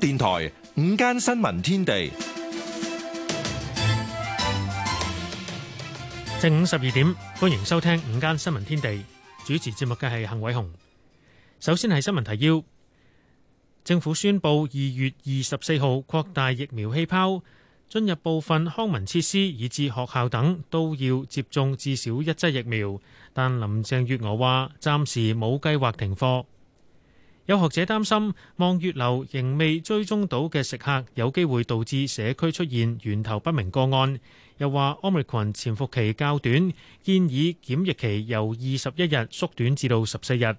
電台午間新聞天地，正午十二點，歡迎收聽午間新聞天地。主持節目嘅係幸偉雄。首先係新聞提要：政府宣布二月二十四號擴大疫苗氣泡，進入部分康文設施以至學校等都要接種至少一劑疫苗。但林鄭月娥話暫時冇計劃停課。有學者擔心望月樓仍未追蹤到嘅食客，有機會導致社區出現源頭不明個案。又話 Omicron 潛伏期較短，建議檢疫期由二十一日縮短至到十四日。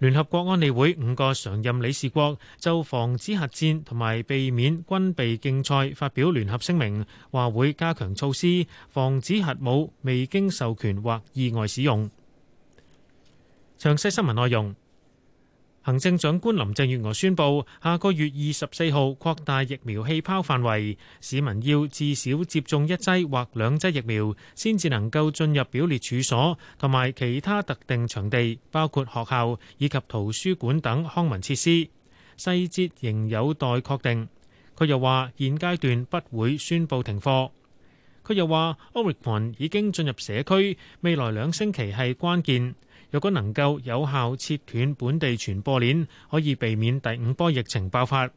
聯合國安理會五個常任理事國就防止核戰同埋避免軍備競賽發表聯合聲明，話會加強措施防止核武未經授權或意外使用。詳細新聞內容。行政長官林鄭月娥宣布，下個月二十四號擴大疫苗氣泡範圍，市民要至少接種一劑或兩劑疫苗，先至能夠進入表列處所同埋其他特定場地，包括學校以及圖書館等康文設施。細節仍有待確定。佢又話：現階段不會宣布停課。佢又話：Omicron 已經進入社區，未來兩星期係關鍵。若果能夠有效切斷本地傳播鏈，可以避免第五波疫情爆發。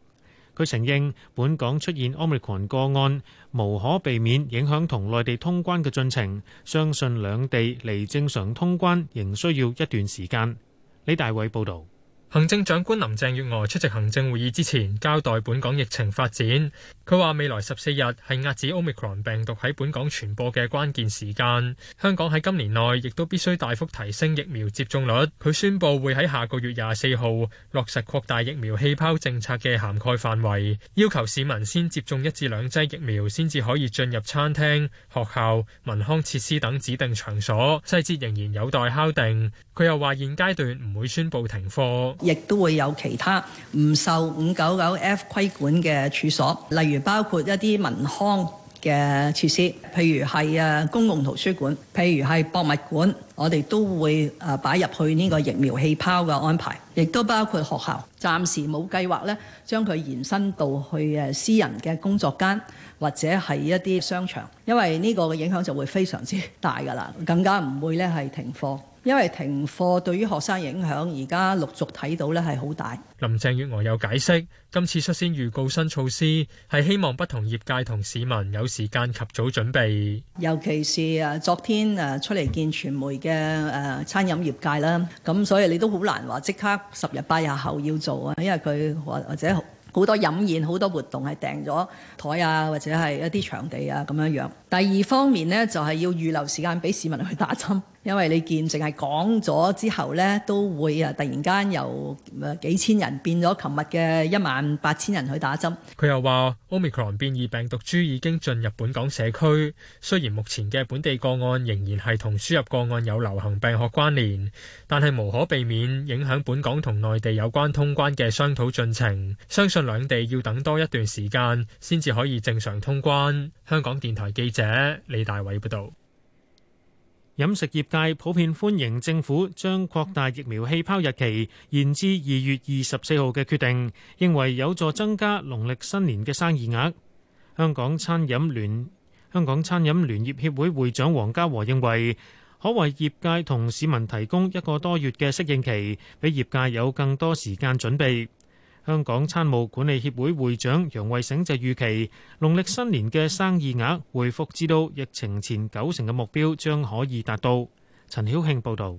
佢承認本港出現 Omicron 個案，無可避免影響同內地通關嘅進程，相信兩地離正常通關仍需要一段時間。李大偉報導。行政長官林鄭月娥出席行政會議之前，交代本港疫情發展。佢話未來十四日係遏止 Omicron 病毒喺本港傳播嘅關鍵時間。香港喺今年內亦都必須大幅提升疫苗接種率。佢宣布會喺下個月廿四號落實擴大疫苗氣泡政策嘅涵蓋範圍，要求市民先接種一至兩劑疫苗先至可以進入餐廳、學校、民康設施等指定場所。細節仍然有待敲定。佢又話現階段唔會宣布停課。亦都會有其他唔受五九九 F 規管嘅處所，例如包括一啲民康嘅設施，譬如係公共圖書館，譬如係博物館，我哋都會啊擺入去呢個疫苗氣泡嘅安排。亦都包括學校，暫時冇計劃咧，將佢延伸到去私人嘅工作間或者係一啲商場，因為呢個嘅影響就會非常之大㗎啦，更加唔會咧係停課。因為停課對於學生影響，而家陸續睇到咧係好大。林鄭月娥有解釋，今次率先預告新措施，係希望不同業界同市民有時間及早準備。尤其是誒昨天誒出嚟見傳媒嘅誒、呃、餐飲業界啦，咁所以你都好難話即刻十日八日後要做啊，因為佢或或者好多飲宴、好多活動係訂咗枱啊，或者係一啲場地啊咁樣樣。第二方面呢，就係、是、要預留時間俾市民去打針。因為你見淨係講咗之後呢，都會啊突然間由誒幾千人變咗，琴日嘅一萬八千人去打針。佢又話，Omicron 變異病毒株已經進入本港社區。雖然目前嘅本地個案仍然係同輸入個案有流行病學關聯，但係無可避免影響本港同內地有關通關嘅商討進程。相信兩地要等多一段時間先至可以正常通關。香港電台記者李大偉報道。飲食業界普遍歡迎政府將擴大疫苗氣泡日期延至二月二十四號嘅決定，認為有助增加農曆新年嘅生意額。香港餐飲聯香港餐飲聯業協會會長黃家和認為，可為業界同市民提供一個多月嘅適應期，俾業界有更多時間準備。香港餐務管理協會會長楊位醒就預期，農曆新年嘅生意額回復至到疫情前九成嘅目標，將可以達到。陳曉慶報道。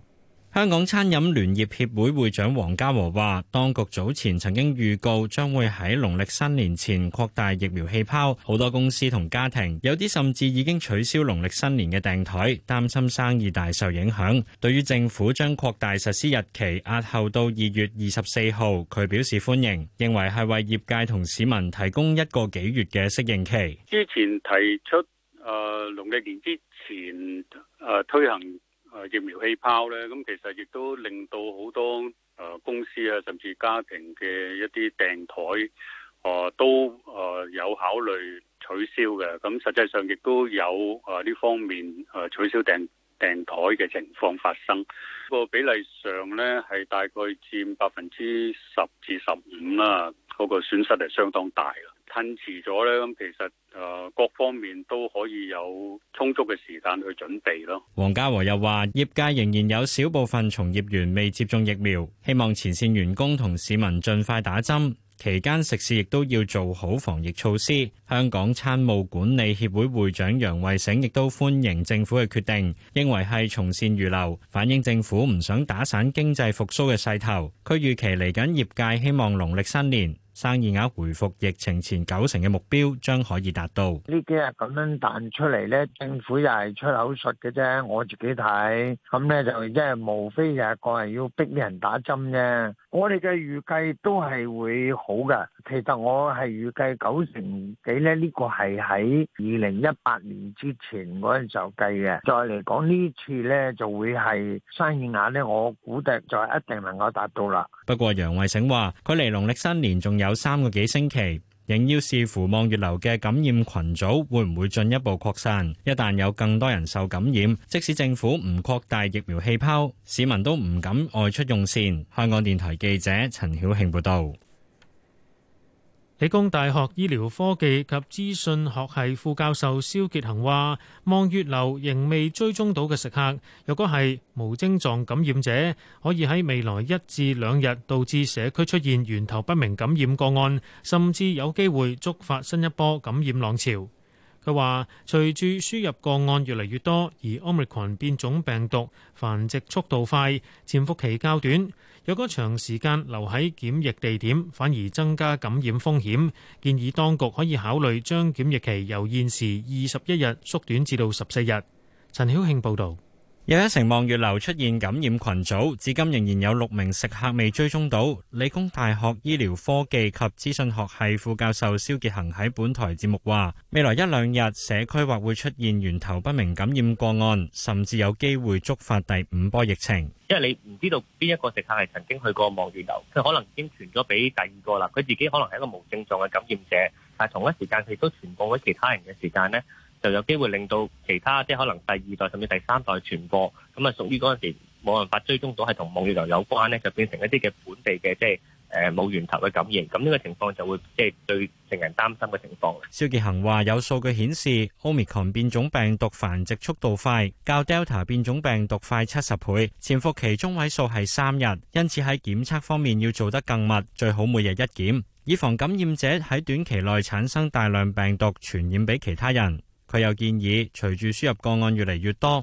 香港餐飲聯業協會會長黃家和話，當局早前曾經預告將會喺農曆新年前擴大疫苗氣泡，好多公司同家庭有啲甚至已經取消農曆新年嘅訂台擔心生意大受影響。對於政府將擴大實施日期押後到二月二十四號，佢表示歡迎，認為係為業界同市民提供一個幾月嘅適應期。之前提出誒、呃、農曆年之前誒、呃、推行。誒、啊、疫苗氣泡呢，咁其實亦都令到好多誒、啊、公司啊，甚至家庭嘅一啲訂枱，哦、啊、都誒有考慮取消嘅。咁、啊、實際上亦都有誒呢、啊、方面誒取消訂訂枱嘅情況發生。個比例上呢，係大概佔百分之十至十五啦，嗰、啊，那個損失係相當大嘅。褪遲咗咧，咁其實誒各方面都可以有充足嘅時間去準備咯。黃家和又話：業界仍然有少部分從業員未接種疫苗，希望前線員工同市民盡快打針。期間食肆亦都要做好防疫措施。香港餐務管理協會會長楊慧醒亦都歡迎政府嘅決定，認為係從善如流，反映政府唔想打散經濟復甦嘅勢頭。佢預期嚟緊業界希望農曆新年。生意額回復疫情前九成嘅目標，將可以達到。呢幾日咁樣彈出嚟咧，政府又係出口術嘅啫。我自己睇，咁呢就即係無非又係過係要逼啲人打針啫。我哋嘅預計都係會好噶。其實我係預計九成幾呢，呢個係喺二零一八年之前嗰陣時候計嘅。再嚟講呢，次呢就會係生意額呢。我估計就係一定能夠達到啦。不過楊慧醒話，佢離農曆新年仲有。有三個幾星期，仍要視乎望月樓嘅感染群組會唔會進一步擴散。一旦有更多人受感染，即使政府唔擴大疫苗氣泡，市民都唔敢外出用膳。香港電台記者陳曉慶報道。理工大學醫療科技及資訊學系副教授蕭傑恒話，望月樓仍未追蹤到嘅食客，若果係無症狀感染者，可以喺未來一至兩日導致社區出現源頭不明感染個案，甚至有機會觸發新一波感染浪潮。佢話，隨住輸入個案越嚟越多，而 Omicron 變種病毒繁殖速度快，潛伏期較短。若果長時間留喺檢疫地點，反而增加感染風險，建議當局可以考慮將檢疫期由現時二十一日縮短至到十四日。陳曉慶報導。有一城望月樓出現感染群組，至今仍然有六名食客未追蹤到。理工大學醫療科技及資訊學系副教授蕭傑恒喺本台節目話：未來一兩日社區或會出現源頭不明感染個案，甚至有機會觸發第五波疫情。因為你唔知道邊一個食客係曾經去過望月樓，佢可能已經傳咗俾第二個啦。佢自己可能係一個無症狀嘅感染者，但係同一時間佢亦都傳播咗其他人嘅時間呢。就有機會令到其他即係可能第二代甚至第三代傳播咁啊，屬於嗰陣時冇辦法追蹤到係同望月樓有關咧，就變成一啲嘅本地嘅即係誒冇源頭嘅感染。咁呢個情況就會即係最令人擔心嘅情況。蕭傑恒話有數據顯示，Omicron 變種病毒繁殖速度快，較 Delta 變種病毒快七十倍，潛伏期中位數係三日，因此喺檢測方面要做得更密，最好每日一檢，以防感染者喺短期內產生大量病毒傳染俾其他人。佢又建議，隨住輸入個案越嚟越多。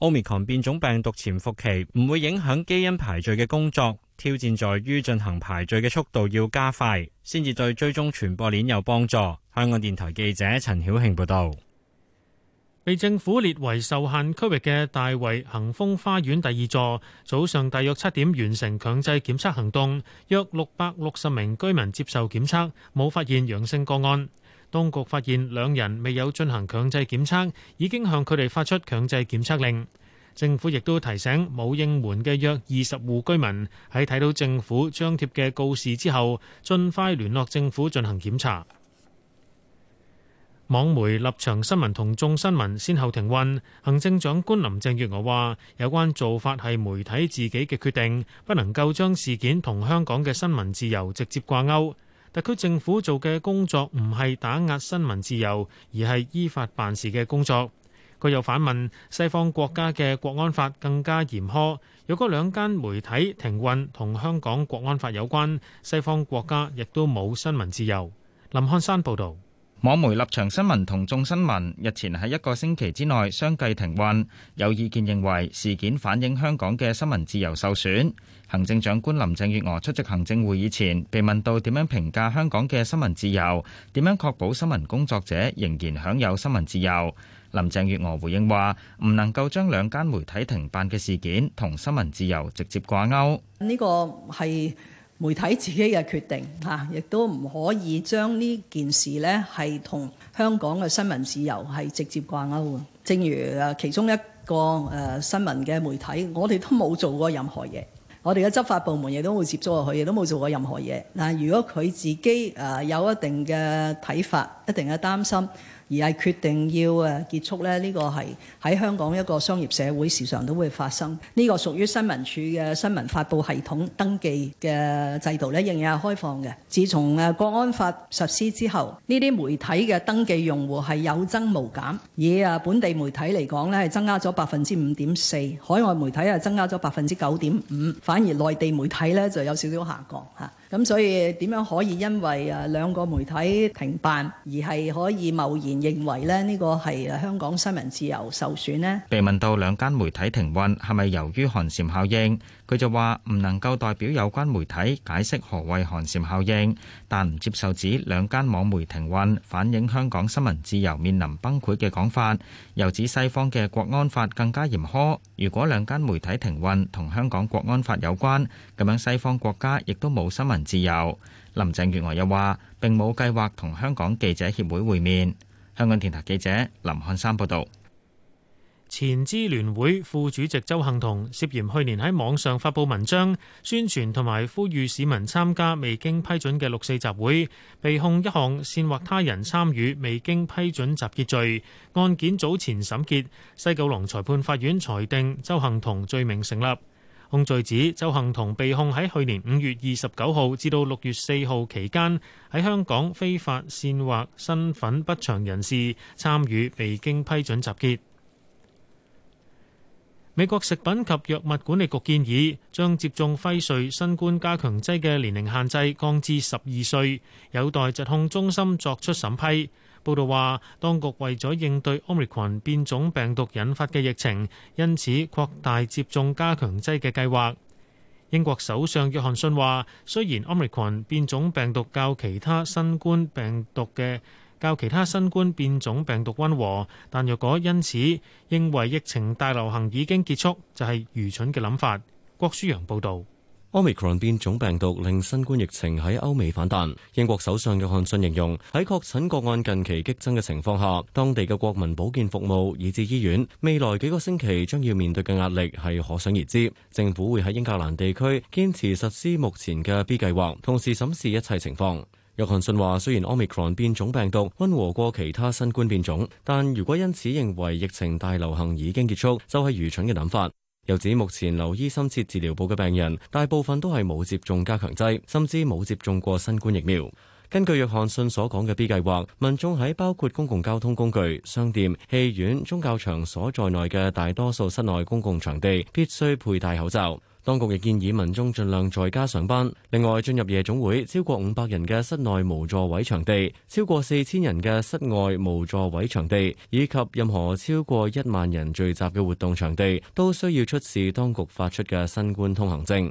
奧密克戎變種病毒潛伏期唔會影響基因排序嘅工作，挑戰在於進行排序嘅速度要加快，先至對追蹤傳播鏈有幫助。香港電台記者陳曉慶報道，被政府列為受限區域嘅大圍恒豐花園第二座，早上大約七點完成強制檢測行動，約六百六十名居民接受檢測，冇發現陽性個案。當局發現兩人未有進行強制檢測，已經向佢哋發出強制檢測令。政府亦都提醒冇應門嘅約二十戶居民，喺睇到政府張貼嘅告示之後，盡快聯絡政府進行檢查。網媒立場新聞同眾新聞先後停運。行政長官林鄭月娥話：有關做法係媒體自己嘅決定，不能夠將事件同香港嘅新聞自由直接掛鈎。特區政府做嘅工作唔係打壓新聞自由，而係依法辦事嘅工作。佢又反問：西方國家嘅國安法更加嚴苛，如果兩間媒體停運同香港國安法有關，西方國家亦都冇新聞自由。林漢山報導。網媒立場新聞同眾新聞日前喺一個星期之內相繼停運，有意見認為事件反映香港嘅新聞自由受損。行政長官林鄭月娥出席行政會議前，被問到點樣評價香港嘅新聞自由，點樣確保新聞工作者仍然享有新聞自由。林鄭月娥回應話：唔能夠將兩間媒體停辦嘅事件同新聞自由直接掛鈎。呢個係。媒體自己嘅決定嚇、啊，亦都唔可以將呢件事呢係同香港嘅新聞自由係直接掛鈎嘅。正如誒其中一個誒、呃、新聞嘅媒體，我哋都冇做過任何嘢，我哋嘅執法部門亦都冇接觸過佢，亦都冇做過任何嘢。嗱、啊，如果佢自己誒、呃、有一定嘅睇法，一定嘅擔心。而係決定要誒結束咧，呢個係喺香港一個商業社會時常都會發生。呢個屬於新聞處嘅新聞發布系統登記嘅制度咧，仍然係開放嘅。自從誒《國安法》實施之後，呢啲媒體嘅登記用戶係有增無減。以啊本地媒體嚟講咧，係增加咗百分之五點四，海外媒體係增加咗百分之九點五，反而內地媒體咧就有少少下降嚇。咁所以點樣可以因為啊兩個媒體停辦，而係可以貿然認為咧呢個係香港新聞自由受損咧？被問到兩間媒體停運係咪由於寒蟬效應？佢就話唔能夠代表有關媒體解釋何謂寒蟬效應，但唔接受指兩間網媒停運反映香港新聞自由面臨崩潰嘅講法，又指西方嘅國安法更加嚴苛。如果兩間媒體停運同香港國安法有關，咁樣西方國家亦都冇新聞自由。林鄭月娥又話並冇計劃同香港記者協會會面。香港電台記者林漢山報道。前支聯會副主席周幸彤涉嫌去年喺網上發佈文章宣傳同埋呼籲市民參加未經批准嘅六四集會，被控一項煽惑他人參與未經批准集結罪。案件早前審結，西九龍裁判法院裁定周幸彤罪名成立。控罪指周幸彤被控喺去年五月二十九號至到六月四號期間喺香港非法煽惑身份不詳人士參與未經批准集結。美國食品及藥物管理局建議將接種輝瑞新冠加強劑嘅年齡限制降至十二歲，有待疾控中心作出審批。報道話，當局為咗應對奧密克戎變種病毒引發嘅疫情，因此擴大接種加強劑嘅計劃。英國首相約翰遜話：雖然奧密克戎變種病毒較其他新冠病毒嘅較其他新冠變種病毒溫和，但若果因此認為疫情大流行已經結束，就係、是、愚蠢嘅諗法。郭舒揚報導，奧密克戎變種病毒令新冠疫情喺歐美反彈。英國首相約翰遜形容喺確診個案近期激增嘅情況下，當地嘅國民保健服務以至醫院未來幾個星期將要面對嘅壓力係可想而知。政府會喺英格蘭地區堅持實施目前嘅 B 計劃，同時審視一切情況。約翰遜話：雖然 omicron 變種病毒溫和過其他新冠變種，但如果因此認為疫情大流行已經結束，就係、是、愚蠢嘅諗法。又指目前留醫深切治療部嘅病人，大部分都係冇接種加強劑，甚至冇接種過新冠疫苗。根據約翰遜所講嘅 B 計劃，民眾喺包括公共交通工具、商店、戲院、宗教場所在內嘅大多數室內公共場地，必須佩戴口罩。當局亦建議民眾盡量在家上班。另外，進入夜總會、超過五百人嘅室內無座位場地、超過四千人嘅室外無座位場地，以及任何超過一萬人聚集嘅活動場地，都需要出示當局發出嘅新冠通行證。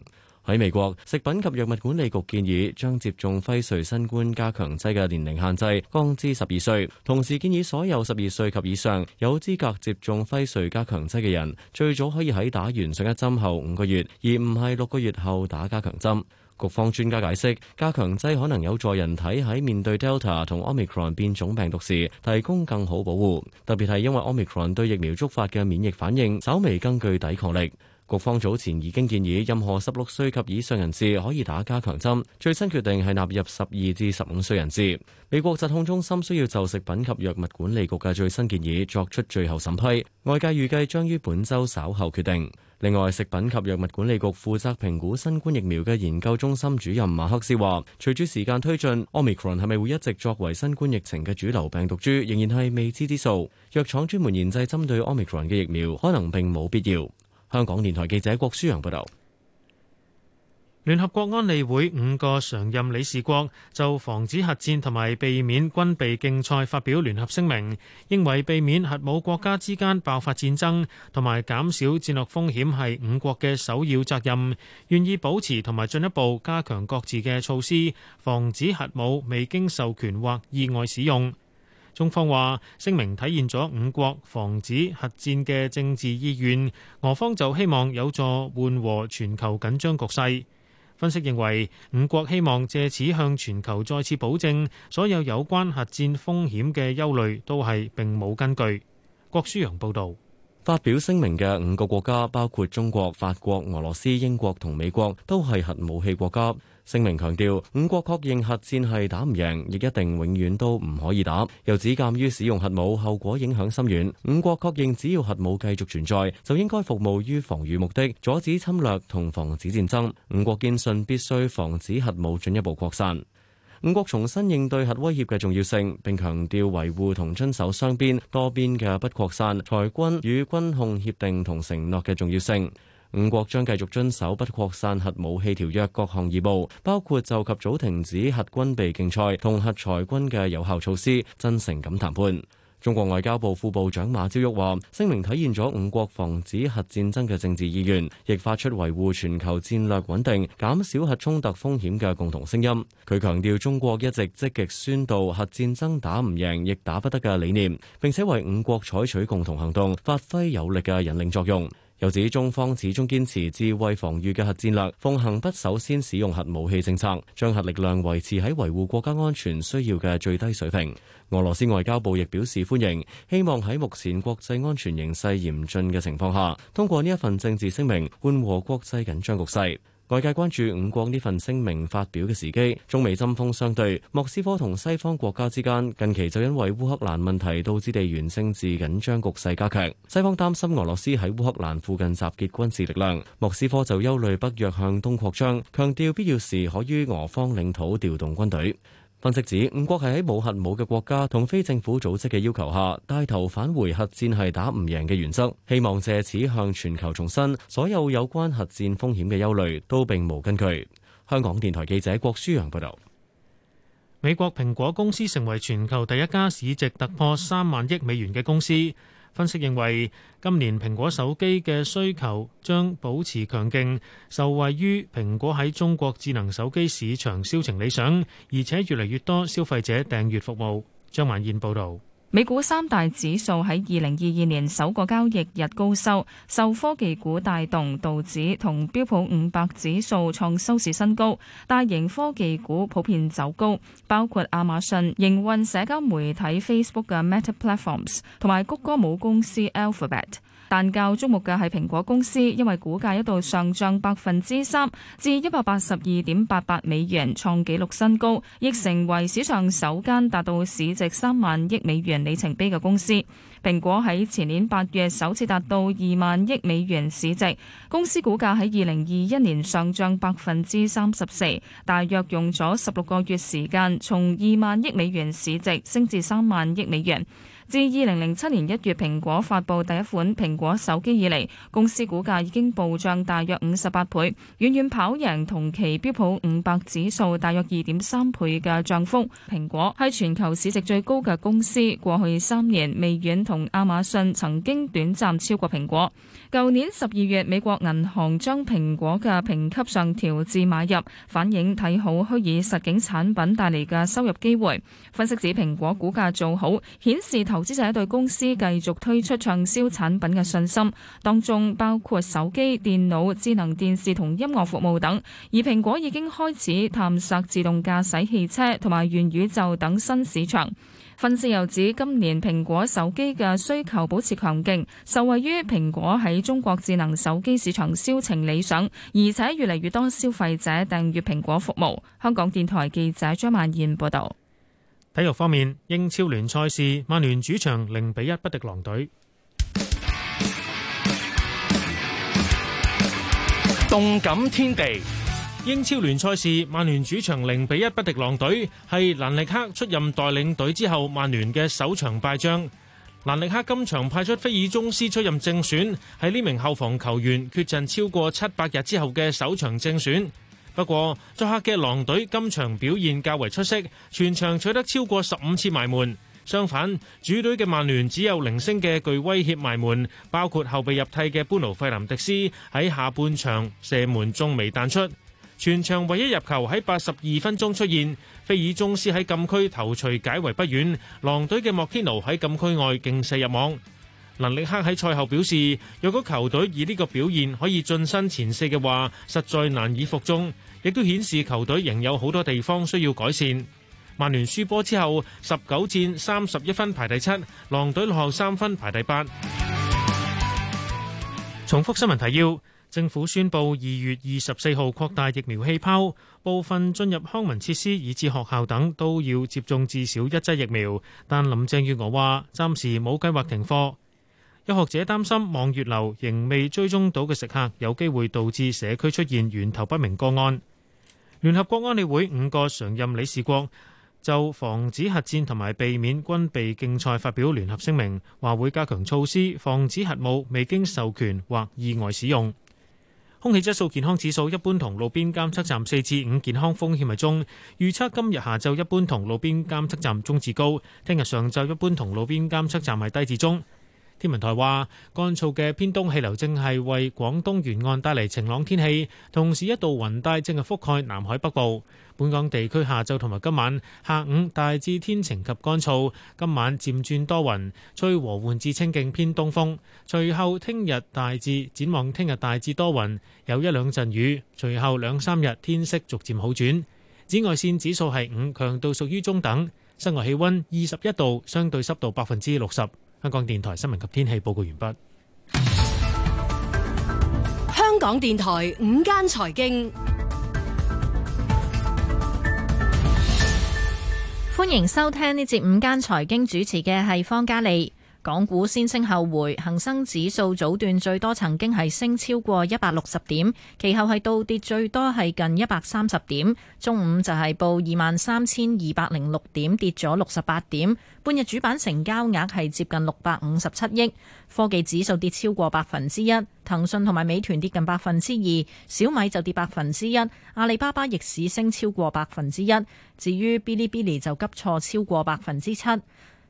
喺美國，食品及藥物管理局建議將接種輝瑞新冠加強劑嘅年齡限制降至十二歲，同時建議所有十二歲及以上有資格接種輝瑞加強劑嘅人，最早可以喺打完上一針後五個月，而唔係六個月後打加強針。局方專家解釋，加強劑可能有助人體喺面對 Delta 同 Omicron 變種病毒時提供更好保護，特別係因為 Omicron 對疫苗觸發嘅免疫反應稍微更具抵抗力。局方早前已經建議任何十六歲及以上人士可以打加強針，最新決定係納入十二至十五歲人士。美國疾控中心需要就食品及藥物管理局嘅最新建議作出最後審批，外界預計將於本周稍後決定。另外，食品及藥物管理局負責評估新冠疫苗嘅研究中心主任馬克思話，隨住時間推進，omicron 係咪會一直作為新冠疫情嘅主流病毒株，仍然係未知之數，藥廠專門研製針對 omicron 嘅疫苗，可能並冇必要。香港電台記者郭書陽報道，聯合國安理會五個常任理事國就防止核戰同埋避免軍備競賽發表聯合聲明，認為避免核武國家之間爆發戰爭同埋減少戰略風險係五國嘅首要責任，願意保持同埋進一步加強各自嘅措施，防止核武未經授權或意外使用。中方話聲明體現咗五國防止核戰嘅政治意願，俄方就希望有助緩和全球緊張局勢。分析認為，五國希望借此向全球再次保證，所有有關核戰風險嘅憂慮都係並冇根據。郭舒揚報導，發表聲明嘅五個國家包括中國、法國、俄羅斯、英國同美國，都係核武器國家。聲明強調，五國確認核戰係打唔贏，亦一定永遠都唔可以打。又指鑑於使用核武後果影響深遠，五國確認只要核武繼續存在，就應該服務於防禦目的，阻止侵略同防止戰爭。五國堅信必須防止核武進一步擴散。五國重新應對核威脅嘅重要性，並強調維護同遵守雙邊、多邊嘅不擴散裁軍與軍控協定同承諾嘅重要性。五國將繼續遵守不擴散核武器條約各項義務，包括就及早停止核軍備競賽同核裁軍嘅有效措施，真誠咁談判。中國外交部副部長馬朝旭話：聲明體現咗五國防止核戰爭嘅政治意願，亦發出維護全球戰略穩定、減少核衝突風險嘅共同聲音。佢強調中國一直積極宣導核戰爭打唔贏、亦打不得嘅理念，並且為五國採取共同行動發揮有力嘅引領作用。又指中方始終堅持自衛防禦嘅核戰略，奉行不首先使用核武器政策，將核力量維持喺維護國家安全需要嘅最低水平。俄羅斯外交部亦表示歡迎，希望喺目前國際安全形勢嚴峻嘅情況下，通過呢一份政治聲明，緩和國際緊張局勢。外界關注五國呢份聲明發表嘅時機，中美針鋒相對，莫斯科同西方國家之間近期就因為烏克蘭問題導致地緣政治緊張局勢加強。西方擔心俄羅斯喺烏克蘭附近集結軍事力量，莫斯科就憂慮北約向東擴張，強調必要時可於俄方領土調動軍隊。分析指，五國係喺無核武嘅國家同非政府組織嘅要求下，帶頭返回核戰係打唔贏嘅原則，希望借此向全球重申所有有關核戰風險嘅憂慮都並無根據。香港電台記者郭舒揚報道，美國蘋果公司成為全球第一家市值突破三萬億美元嘅公司。分析認為，今年蘋果手機嘅需求將保持強勁，受惠於蘋果喺中國智能手機市場銷情理想，而且越嚟越多消費者訂閱服務。張萬燕報導。美股三大指數喺二零二二年首個交易日高收，受科技股帶動，道指同標普五百指數創收市新高。大型科技股普遍走高，包括亞馬遜、營運社交媒體 Facebook 嘅 Meta Platforms，同埋谷歌母公司 Alphabet。但較注目嘅係蘋果公司，因為股價一度上漲百分之三至一百八十二點八八美元，創紀錄新高，亦成為史上首間達到市值三萬億美元里程碑嘅公司。蘋果喺前年八月首次達到二萬億美元市值，公司股價喺二零二一年上漲百分之三十四，大約用咗十六個月時間，從二萬億美元市值升至三萬億美元。自二零零七年一月蘋果發布第一款蘋果手機以嚟，公司股價已經暴漲大約五十八倍，遠遠跑贏同期標普五百指數大約二點三倍嘅漲幅。蘋果係全球市值最高嘅公司，過去三年微軟同亞馬遜曾經短暫超過蘋果。舊年十二月，美國銀行將蘋果嘅評級上調至買入，反映睇好虛擬實景產品帶嚟嘅收入機會。分析指蘋果股價做好，顯示投資者對公司繼續推出暢銷產品嘅信心，當中包括手機、電腦、智能電視同音樂服務等。而蘋果已經開始探索自動駕駛汽車同埋元宇宙等新市場。分析師又指，今年蘋果手機嘅需求保持強勁，受惠於蘋果喺中國智能手機市場銷情理想，而且越嚟越多消費者訂閱蘋果服務。香港電台記者張曼燕報道。體育方面，英超聯賽事曼聯主場零比一不敵狼隊。動感天地。英超聯賽事，曼聯主場零比一不敵狼隊，係蘭利克出任代領隊之後，曼聯嘅首場敗仗。蘭利克今場派出菲爾鍾斯出任正選，係呢名後防球員缺陣超過七百日之後嘅首場正選。不過，作客嘅狼隊今場表現較為出色，全場取得超過十五次埋門。相反，主隊嘅曼聯只有零星嘅具威脅埋門，包括後備入替嘅般奴費林迪斯喺下半場射門中未彈出。全場唯一入球喺八十二分鐘出現，菲爾宗斯喺禁區頭錘解圍不遠，狼隊嘅莫天奴喺禁區外勁射入網。能力克喺賽後表示，若果球隊以呢個表現可以晉身前四嘅話，實在難以服眾，亦都顯示球隊仍有好多地方需要改善。曼聯輸波之後，十九戰三十一分排第七，狼隊落後三分排第八。重複新聞提要。政府宣布，二月二十四號擴大疫苗氣泡，部分進入康文設施以至學校等都要接種至少一劑疫苗。但林鄭月娥話暫時冇計劃停課。有學者擔心望月樓仍未追蹤到嘅食客，有機會導致社區出現源頭不明個案。聯合國安理會五個常任理事國就防止核戰同埋避免軍備競賽發表聯合聲明，話會加強措施防止核武未經授權或意外使用。空氣質素健康指數，一般同路邊監測站四至五，健康風險係中預測今日下晝一般同路邊監測站中至高，聽日上晝一般同路邊監測站係低至中。天文台話，乾燥嘅偏東氣流正係為廣東沿岸帶嚟晴朗天氣，同時一道雲帶正係覆蓋南海北部。本港地區下晝同埋今晚下午大致天晴及乾燥，今晚漸轉多雲，吹和緩至清勁偏東風。隨後聽日大致展望，聽日大致多雲，有一兩陣雨。隨後兩三日天色逐漸好轉。紫外線指數係五，強度屬於中等。室外氣溫二十一度，相對濕度百分之六十。香港電台新聞及天氣報告完畢。香港電台午間財經。歡迎收聽呢節午間財經，主持嘅係方嘉利。港股先升後回，恒生指數早段最多曾經係升超過一百六十點，其後係倒跌最多係近一百三十點。中午就係報二萬三千二百零六點，跌咗六十八點。半日主板成交額係接近六百五十七億。科技指數跌超過百分之一，騰訊同埋美團跌近百分之二，小米就跌百分之一，阿里巴巴逆市升超過百分之一。至於嗶哩嗶哩就急挫超過百分之七。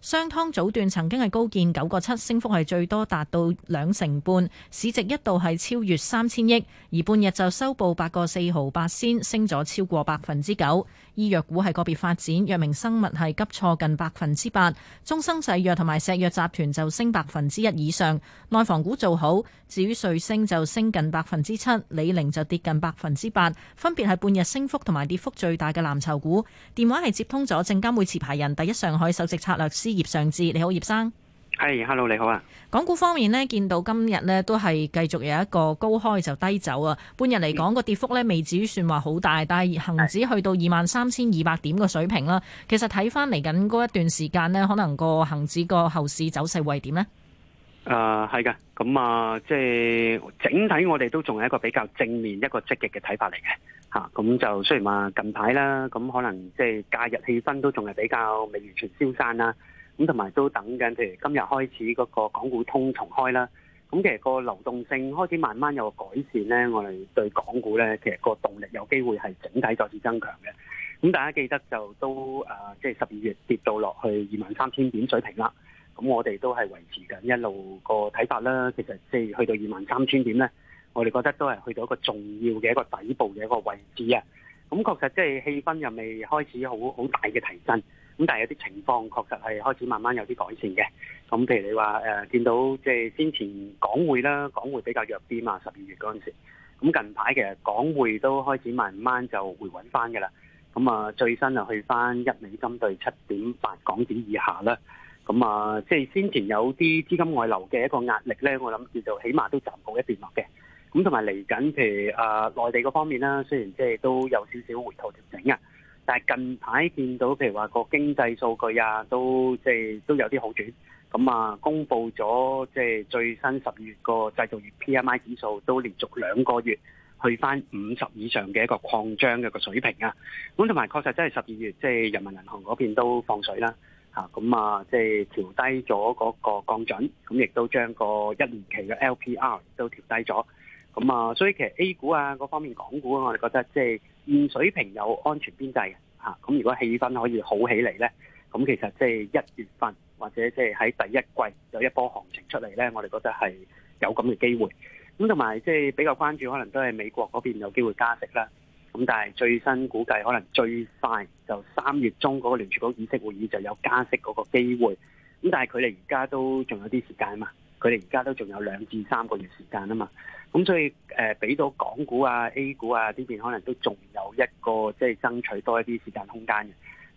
商湯早段曾經係高見九個七，升幅係最多達到兩成半，市值一度係超越三千億，而半日就收報八個四毫八仙，升咗超過百分之九。醫藥股係個別發展，藥明生物係急挫近百分之八，中生製藥同埋石藥集團就升百分之一以上。內房股做好，至於瑞聲就升近百分之七，李寧就跌近百分之八，分別係半日升幅同埋跌幅最大嘅藍籌股。電話係接通咗證監會持牌人、第一上海首席策略師葉尚志，你好，葉生。係、hey，hello，你好啊！港股方面呢，見到今日呢都係繼續有一個高開就低走啊。半日嚟講個跌幅咧，未至於算話好大，但係恒指去到二萬三千二百點個水平啦。其實睇翻嚟緊嗰一段時間呢，可能個恒指個後市走勢會點咧？誒、呃、係嘅，咁、嗯、啊，即、呃、係整體我哋都仲係一個比較正面、一個積極嘅睇法嚟嘅吓。咁、嗯、就雖然話，近排啦，咁可能即係假日氣氛都仲係比較未完全消散啦。咁同埋都等緊，譬如今日開始嗰個港股通重開啦。咁其實個流動性開始慢慢有改善咧，我哋對港股咧其實個動力有機會係整體再次增強嘅。咁大家記得就都誒，即係十二月跌到落去二萬三千點水平啦。咁我哋都係維持緊一路個睇法啦。其實即係去到二萬三千點咧，我哋覺得都係去到一個重要嘅一個底部嘅一個位置啊。咁確實即係氣氛又未開始好好大嘅提升。咁但係有啲情況確實係開始慢慢有啲改善嘅，咁譬如你話誒、呃、見到即係先前港匯啦，港匯比較弱啲嘛，十二月嗰陣時。咁近排其實港匯都開始慢慢就回穩翻㗎啦。咁啊，最新就去翻一美金對七點八港元以下啦。咁啊，即係、就是、先前有啲資金外流嘅一個壓力咧，我諗住就起碼都暫告一段落嘅。咁同埋嚟緊譬如啊內、呃、地嗰方面啦，雖然即係都有少少回頭調整啊。但係近排見到，譬如話個經濟數據啊，都即係都有啲好轉。咁啊，公布咗即係最新十月個製造業 PMI 指數都連續兩個月去翻五十以上嘅一個擴張嘅個水平啊。咁同埋確實真係十二月，即係人民銀行嗰邊都放水啦。嚇、啊，咁啊，即係調低咗嗰個降準，咁亦都將個一年期嘅 LPR 都調低咗。咁啊，所以其實 A 股啊嗰方面，港股、啊、我哋覺得即係。現水平有安全邊際嘅嚇，咁、啊、如果氣氛可以好起嚟咧，咁其實即係一月份或者即係喺第一季有一波行情出嚟咧，我哋覺得係有咁嘅機會，咁同埋即係比較關注，可能都係美國嗰邊有機會加息啦。咁、啊、但係最新估計可能最快就三月中嗰個聯儲局議息會議就有加息嗰個機會。咁、啊、但係，佢哋而家都仲有啲時間啊嘛，佢哋而家都仲有兩至三個月時間啊嘛。咁所以誒，俾、呃、到港股啊、A 股啊呢邊可能都仲有一個即係、就是、爭取多一啲時間空間嘅。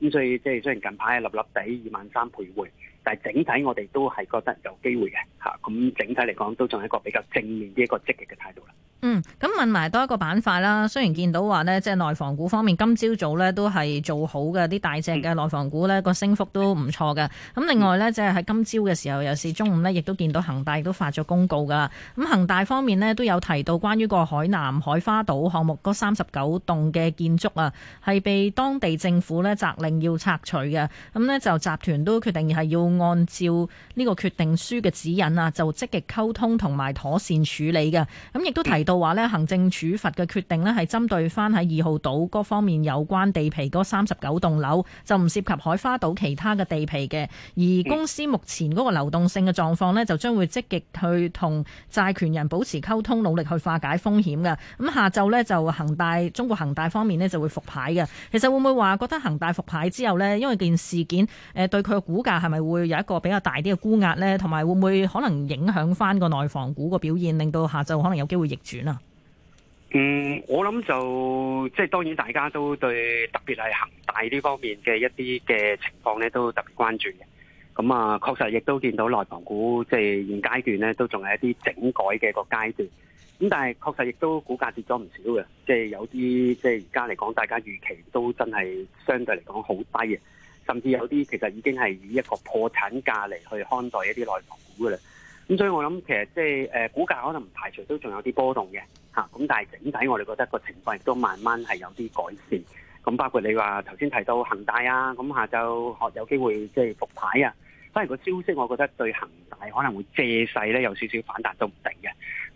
咁所以即係、就是、雖然近排係笠笠地二萬三徘徊，但係整體我哋都係覺得有機會嘅吓。咁、啊嗯、整體嚟講都仲係一個比較正面嘅一個積極嘅態度啦。嗯，咁問埋多一個板塊啦。雖然見到話呢，即係內房股方面，今朝早呢都係做好嘅，啲大隻嘅內房股呢個升幅都唔錯嘅。咁另外呢，即係喺今朝嘅時候，又係中午呢亦都見到恒大都發咗公告㗎啦。咁恒大方面呢，都有提到關於個海南海花島項目嗰三十九棟嘅建築啊，係被當地政府呢責令要拆除嘅。咁呢，就集團都決定係要按照呢個決定書嘅指引啊，就積極溝通同埋妥善處理嘅。咁亦都提到。就話行政處罰嘅決定咧，係針對翻喺二號島各方面有關地皮嗰三十九棟樓，就唔涉及海花島其他嘅地皮嘅。而公司目前嗰個流動性嘅狀況呢，就將會積極去同債權人保持溝通，努力去化解風險嘅。咁下晝呢，就恒大中國恒大方面呢，就會復牌嘅。其實會唔會話覺得恒大復牌之後呢，因為件事件誒對佢嘅股價係咪會有一個比較大啲嘅沽壓呢？同埋會唔會可能影響翻個內房股個表現，令到下晝可能有機會逆轉？嗯，我諗就即係當然，大家都對特別係恒大呢方面嘅一啲嘅情況咧，都特別關注嘅。咁、嗯、啊，確實亦都見到內房股，即係現階段咧，都仲係一啲整改嘅個階段。咁但係確實亦都股價跌咗唔少嘅，即係有啲即係而家嚟講，大家預期都真係相對嚟講好低嘅，甚至有啲其實已經係以一個破產價嚟去看待一啲內房股噶啦。咁所以我諗，其實即係誒，股價可能唔排除都仲有啲波動嘅吓，咁、啊、但係整體我哋覺得個情況亦都慢慢係有啲改善。咁包括你話頭先提到恒大啊，咁下晝學有機會即係復牌啊，雖然個消息我覺得對恒大可能會借勢咧，有少少反彈都唔定嘅。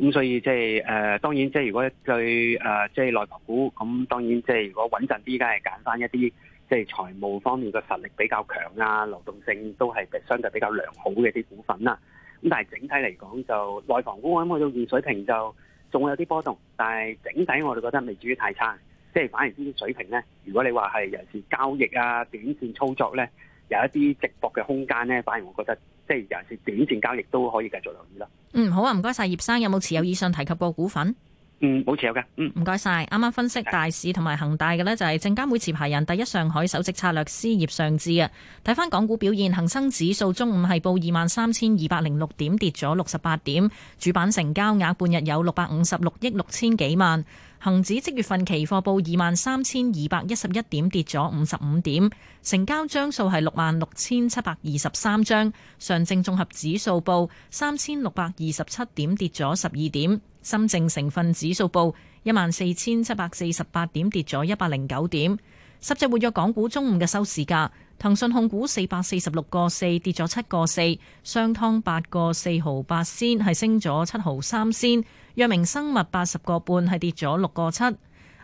咁所以即係誒，當然即、就、係、是、如果對誒即係內房股，咁當然即、就、係、是、如果穩陣啲，梗係揀翻一啲即係財務方面個實力比較強啊，流動性都係相對比較良好嘅啲股份啦、啊。咁但係整體嚟講，就內房股我諗佢個現水平就仲有啲波動，但係整體我哋覺得未至於太差，即係反而呢啲水平咧，如果你話係尤其是交易啊、短線操作咧，有一啲值博嘅空間咧，反而我覺得即係尤其是短線交易都可以繼續留意咯。嗯，好啊，唔該晒。葉生，有冇持有以上提及過股份？嗯，冇持有嘅。嗯，唔該晒。啱啱分析大市同埋恒大嘅咧，就係證監會持牌人、第一上海首席策略師葉尚志啊。睇翻港股表現，恒生指數中午係報二萬三千二百零六點，跌咗六十八點。主板成交額半日有六百五十六億六千幾萬。恒指即月份期貨報二萬三千二百一十一點，跌咗五十五點。成交張數係六萬六千七百二十三張。上證綜合指數報三千六百二十七點，跌咗十二點。深證成分指數報一萬四千七百四十八點，跌咗一百零九點。十隻活躍港股中午嘅收市價，騰訊控股四百四十六個四，跌咗七個四，商湯八個四毫八仙，係升咗七毫三仙，藥明生物八十個半，係跌咗六個七，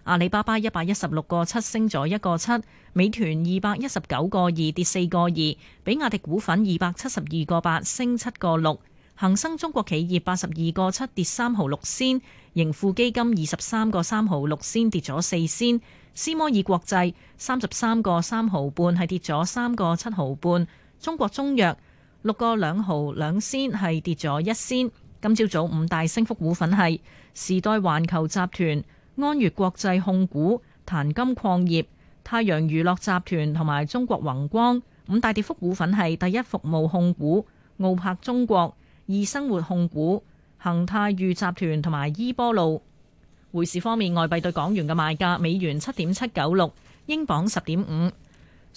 阿里巴巴一百一十六個七，升咗一個七，美團二百一十九個二，跌四個二，比亞迪股份二百七十二個八，升七個六。恒生中國企業八十二個，七跌三毫六仙，盈富基金二十三個三毫六仙，跌咗四仙，斯摩爾國際三十三個三毫半係跌咗三個七毫半，中國中藥六個兩毫兩仙係跌咗一仙。今朝早五大升幅股份係時代環球集團、安悅國際控股、檀金礦業、太陽娛樂集團同埋中國宏光。五大跌幅股份係第一服務控股、奧柏中國、易生活控股、恒泰裕集團同埋依波路。匯市方面，外幣對港元嘅賣價：美元七點七九六，英鎊十點五，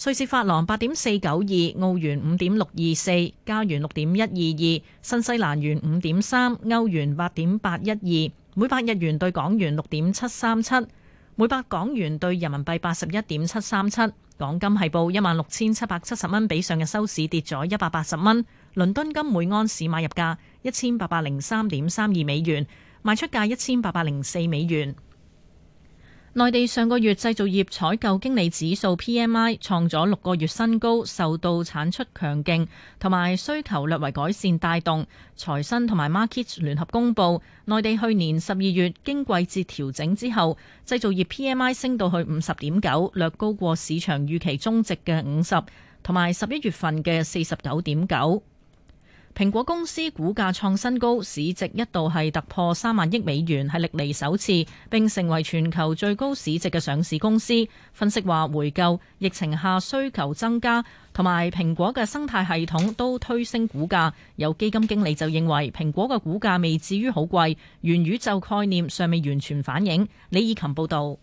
瑞士法郎八點四九二，澳元五點六二四，加元六點一二二，新西蘭元五點三，歐元八點八一二，每百日元對港元六點七三七，每百港元對人民幣八十一點七三七。港金係報一萬六千七百七十蚊，比上日收市跌咗一百八十蚊。倫敦金每安士買入價一千八百零三點三二美元，賣出價一千八百零四美元。內地上個月製造業採購經理指數 PMI 創咗六個月新高，受到產出強勁同埋需求略為改善帶動。財新同埋 Markit 聯合公布，內地去年十二月經季節調整之後，製造業 PMI 升到去五十點九，略高過市場預期中值嘅五十，同埋十一月份嘅四十九點九。蘋果公司股價創新高，市值一度係突破三萬億美元，係歷嚟首次，並成為全球最高市值嘅上市公司。分析話，回購、疫情下需求增加同埋蘋果嘅生態系統都推升股價。有基金經理就認為，蘋果嘅股價未至於好貴，元宇宙概念尚未完全反映。李以琴報道。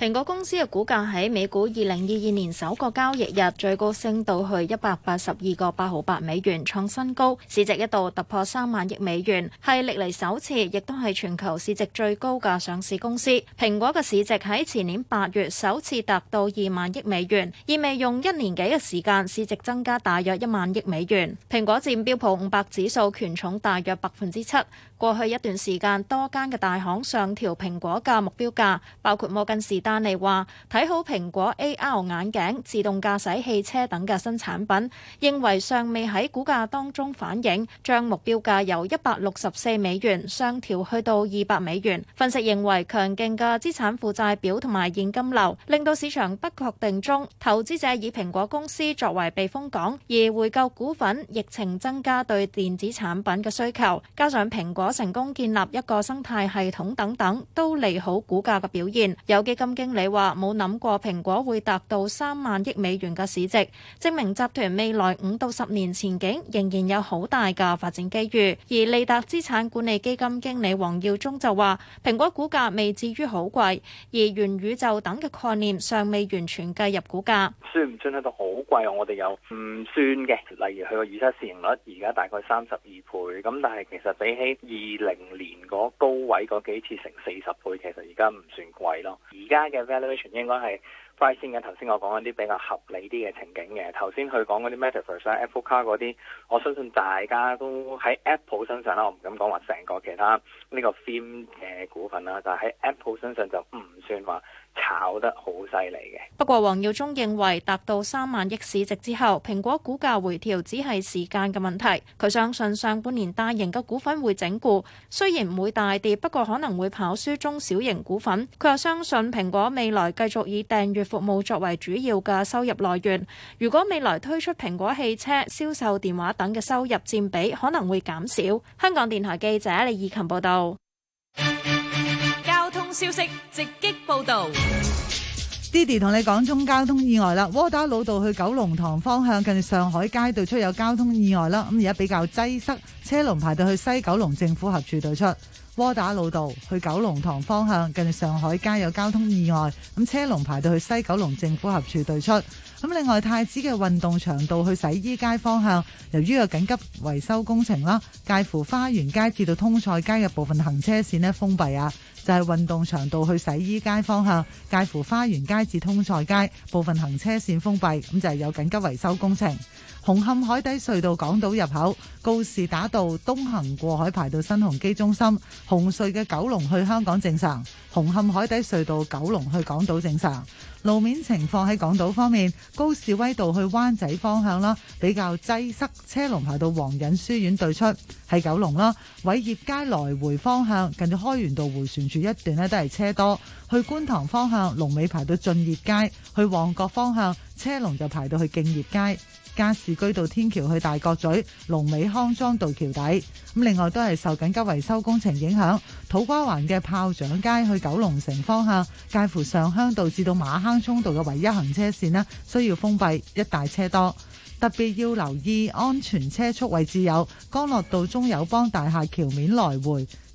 蘋果公司嘅股價喺美股二零二二年首個交易日最高升到去一百八十二個八毫八美元，創新高，市值一度突破三萬億美元，係歷嚟首次，亦都係全球市值最高嘅上市公司。蘋果嘅市值喺前年八月首次達到二萬億美元，意味用一年幾嘅時間，市值增加大約一萬億美元。蘋果佔標普五百指數權重大約百分之七。過去一段時間，多間嘅大行上調蘋果嘅目標價，包括摩根士。丹尼話：睇好蘋果 AR 眼鏡、自動駕駛汽車等嘅新產品，認為尚未喺股價當中反映，將目標價由一百六十四美元上調去到二百美元。分析認為，強勁嘅資產負債表同埋現金流令到市場不確定中，投資者以蘋果公司作為避風港，而回購股份、疫情增加對電子產品嘅需求，加上蘋果成功建立一個生態系統等等，都利好股價嘅表現。有基金。經理話冇諗過蘋果會達到三萬億美元嘅市值，證明集團未來五到十年前景仍然有好大嘅發展機遇。而利達資產管理基金經理黃耀忠就話，蘋果股價未至於好貴，而元宇宙等嘅概念尚未完全計入股價。算唔算喺度好貴？我哋又唔算嘅。例如佢個預測市盈率而家大概三十二倍，咁但係其實比起二零年嗰高位嗰幾次成四十倍，其實而家唔算貴咯。而家。嘅 valuation 應該係 pricing 緊，頭先我講一啲比較合理啲嘅情景嘅，頭先佢講嗰啲 metaverse 啊、Apple car 嗰啲，我相信大家都喺 Apple 身上啦，我唔敢講話成個其他呢個 theme 嘅股份啦，但係喺 Apple 身上就唔算話。炒得好犀利嘅。不過，黃耀忠認為達到三萬億市值之後，蘋果股價回調只係時間嘅問題。佢相信上半年大型嘅股份會整固，雖然唔會大跌，不過可能會跑輸中小型股份。佢又相信蘋果未來繼續以訂閱服務作為主要嘅收入來源。如果未來推出蘋果汽車、銷售電話等嘅收入佔比可能會減少。香港電台記者李以琴報道。消息直擊報道，Diddy 同你講中交通意外啦。窩打老道去九龍塘方向，近上海街對出有交通意外啦。咁而家比較擠塞，車龍排到去西九龍政府合署對出。窩打老道去九龍塘方向，近上海街有交通意外，咁車龍排到去西九龍政府合署對出。咁另外，太子嘅運動場道去洗衣街方向，由於有緊急維修工程啦，介乎花園街至到通菜街嘅部分行車線呢，封閉啊。就係運動場道去洗衣街方向，介乎花園街至通菜街部分行車線封閉，咁就係、是、有緊急維修工程。紅磡海底隧道港島入口、告士打道東行過海排到新鴻基中心，紅隧嘅九龍去香港正常，紅磡海底隧道九龍去港島正常。路面情況喺港島方面，高士威道去灣仔方向啦，比較擠塞，車龍排到黃隱書院對出，喺九龍啦。偉業街來回方向近住開元道回旋處一段呢，都係車多，去觀塘方向龍尾排到駿業街，去旺角方向車龍就排到去敬業街。加士居道天橋去大角咀，龍尾康莊道橋底，咁另外都係受緊急維修工程影響，土瓜灣嘅炮仗街去九龍城方向，介乎上鄉道至到馬坑涌道嘅唯一行車線咧，需要封閉，一大車多，特別要留意安全車速位置，有干諾道中友邦大廈橋面來回。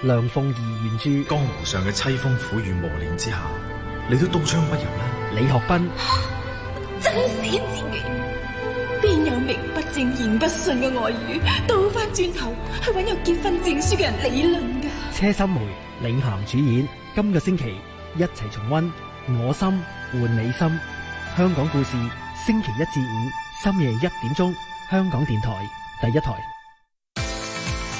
梁鳳儀原著，江湖上嘅淒風苦雨磨練之下，你都刀槍不入啦。李學斌，啊、真史子元，邊有名不正言不順嘅外語，倒翻轉頭去揾有結婚證書嘅人理論噶？車心梅領銜主演，今個星期一齊重溫《我心換你心》。香港故事，星期一至五深夜一點鐘，香港電台第一台。